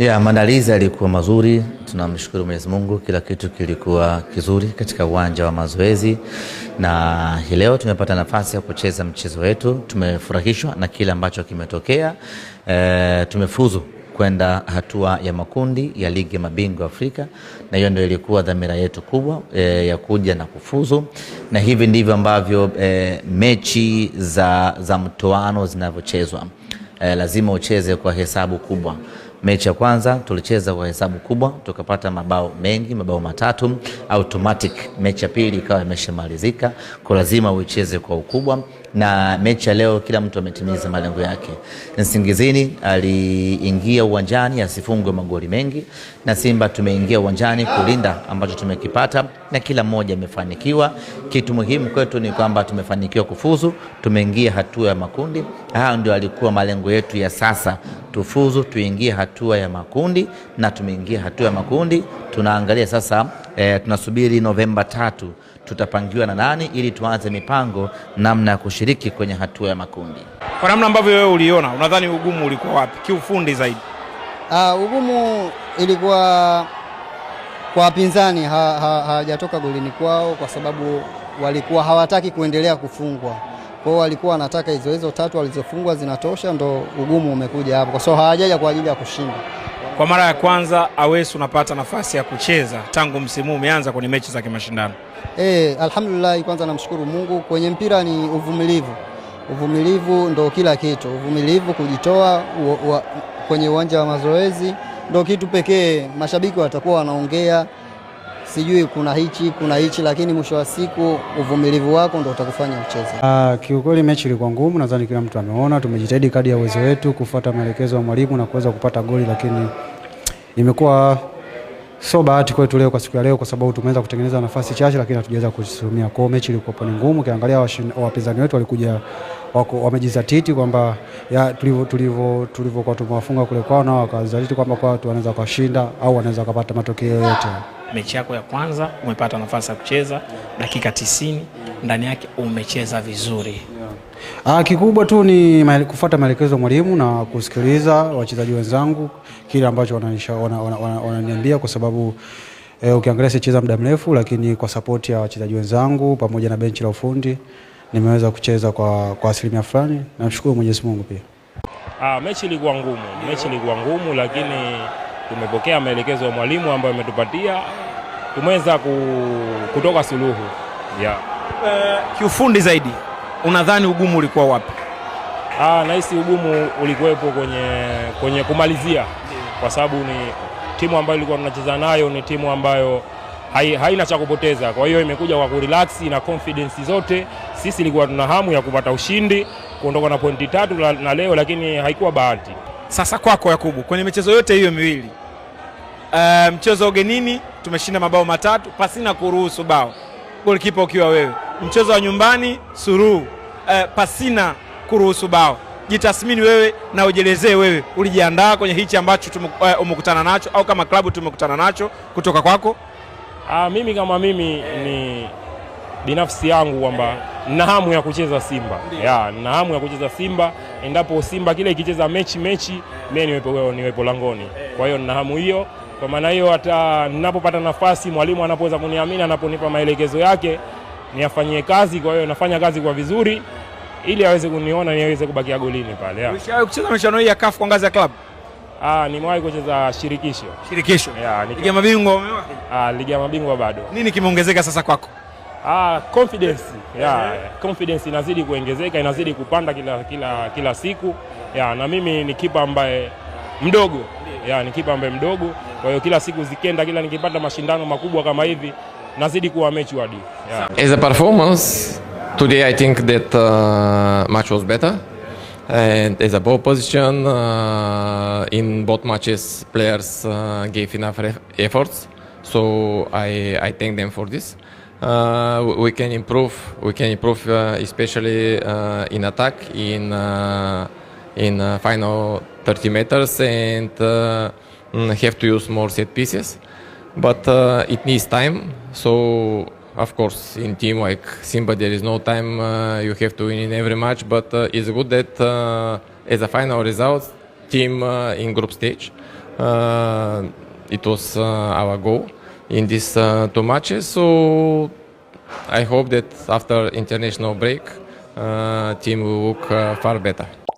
Ya, maandalizi yalikuwa mazuri, tunamshukuru Mwenyezi Mungu, kila kitu kilikuwa kizuri katika uwanja wa mazoezi, na hii leo tumepata nafasi ya kucheza mchezo wetu. Tumefurahishwa na kile ambacho kimetokea. E, tumefuzu kwenda hatua ya makundi ya ligi ya mabingwa Afrika, na hiyo ndio ilikuwa dhamira yetu kubwa e, ya kuja na kufuzu, na hivi ndivyo ambavyo e, mechi za, za mtoano zinavyochezwa. E, lazima ucheze kwa hesabu kubwa. Mechi ya kwanza tulicheza kwa hesabu kubwa, tukapata mabao mengi, mabao matatu automatic. Mechi ya pili ikawa imeshamalizika, kwa lazima uicheze kwa ukubwa na mechi ya leo kila mtu ametimiza malengo yake. Nsingizini aliingia uwanjani asifungwe magoli mengi, na Simba tumeingia uwanjani kulinda ambacho tumekipata, na kila mmoja amefanikiwa. Kitu muhimu kwetu ni kwamba tumefanikiwa kufuzu, tumeingia hatua ya makundi. Hayo ndio alikuwa malengo yetu ya sasa, tufuzu, tuingie hatua ya makundi, na tumeingia hatua ya makundi. Tunaangalia sasa e, tunasubiri Novemba tatu tutapangiwa na nani ili tuanze mipango namna ya kushiriki kwenye hatua ya makundi. Kwa namna ambavyo wewe uliona, unadhani ugumu ulikuwa wapi kiufundi zaidi? Uh, ugumu ilikuwa kwa wapinzani hawajatoka ha, ha, golini kwao, kwa sababu walikuwa hawataki kuendelea kufungwa kwao, walikuwa wanataka hizo hizo tatu walizofungwa zinatosha, ndo ugumu umekuja hapo, kwa sababu hawajaja kwa ajili ya kushinda kwa mara ya kwanza Awesu unapata nafasi ya kucheza tangu msimu umeanza kwenye mechi za kimashindano? E, alhamdulillah, kwanza namshukuru Mungu. Kwenye mpira ni uvumilivu, uvumilivu ndo kila kitu, uvumilivu, kujitoa u, u, kwenye uwanja wa mazoezi ndo kitu pekee. Mashabiki watakuwa wanaongea sijui kuna hichi kuna hichi, lakini mwisho wa siku uvumilivu wako ndo utakufanya mchezo. Ah, kiukweli mechi ilikuwa ngumu, nadhani kila mtu ameona, tumejitahidi kadi ya uwezo wetu kufuata maelekezo ya mwalimu na kuweza kupata goli, lakini imekuwa So bahati kwetu leo kwa siku ya leo, kwa sababu tumeweza kutengeneza nafasi chache, lakini hatujaweza kusimamia. Kwa hiyo mechi ilikuwa ni ngumu, kiangalia wapinzani wetu walikuja wamejizatiti kwamba kwa tumewafunga kule kwao, na wakazatiti kwamba watu wanaweza kushinda au wanaweza kupata matokeo yote. Mechi yako ya kwanza umepata nafasi ya kucheza dakika tisini, ndani yake umecheza vizuri. Ah, kikubwa tu ni kufuata maelekezo ya mwalimu na kusikiliza wachezaji wenzangu kile ambacho wananiambia wana, wana, wana kwa sababu E, ukiangalia sicheza muda mrefu, lakini kwa sapoti ya wachezaji wenzangu pamoja na benchi la ufundi nimeweza kucheza kwa, kwa asilimia fulani. Namshukuru Mwenyezi Mungu pia. Ah, mechi ilikuwa ngumu, mechi ilikuwa ngumu, lakini tumepokea maelekezo ya mwalimu ambayo ametupatia, tumeweza kutoka suluhu yeah. Uh, kiufundi zaidi unadhani ugumu ulikuwa wapi? Ah, nahisi ugumu ulikuwepo kwenye, kwenye kumalizia kwa sababu ni timu ambayo ilikuwa tunacheza nayo ni timu ambayo haina hai cha kupoteza, kwa hiyo imekuja kwa kurelax na confidence zote. Sisi ilikuwa tuna hamu ya kupata ushindi, kuondoka na pointi tatu la, na leo, lakini haikuwa bahati. Sasa kwako Yakubu, kwenye michezo yote hiyo miwili uh, mchezo ugenini tumeshinda mabao matatu pasina kuruhusu bao, golikipa ukiwa wewe mchezo wa nyumbani suruhu, eh, pasina kuruhusu bao. Jitathmini wewe na ujelezee wewe, ulijiandaa kwenye hichi ambacho eh, umekutana nacho au kama klabu tumekutana nacho kutoka kwako? Aa, ah, mimi kama mimi eh, ni binafsi yangu kwamba na hamu ya kucheza Simba ya, na hamu ya kucheza Simba. Endapo Simba kile ikicheza mechi mechi, mimi niwepo, niwepo langoni. Kwa hiyo nina hamu hiyo. Kwa maana hiyo, hata ninapopata nafasi, mwalimu anapoweza kuniamini, anaponipa maelekezo yake niafanyie kazi. Kwa hiyo nafanya kazi kwa vizuri ili aweze kuniona niweze kubakia golini pale. Umeshawahi kucheza michuano hii ya CAF kwa ngazi ya klabu? Ah, nimewahi kucheza shirikisho. Shirikisho. Yeah, Ligi ya mabingwa umewahi? Ah, Ligi ya mabingwa bado. Nini kimeongezeka sasa kwako? Ah, confidence. Yeah, confidence inazidi kuongezeka, inazidi kupanda kila, kila, kila siku. Yeah, na mimi ni kipa ambaye mdogo. Yeah, ni kipa ambaye mdogo. Kwa hiyo kila siku zikienda, kila nikipata mashindano makubwa kama hivi nazidi kuwa Yeah. As a performance today I think that uh, match was better and as a ball position uh, in both matches players uh, gave enough efforts so I, I thank them for this. Uh, we can improve. We can improve, uh, especially uh, in attack in uh, in uh, final 30 meters, and uh, mm, have to use more set pieces. But uh, it needs time. So of course, in team like Simba, there is no time. Uh, you have to win in every match, but uh, it's good that uh, as a final result, team uh, in group stage. Uh, it was uh, our goal in these two matches. So I hope that after international break, team will look far better.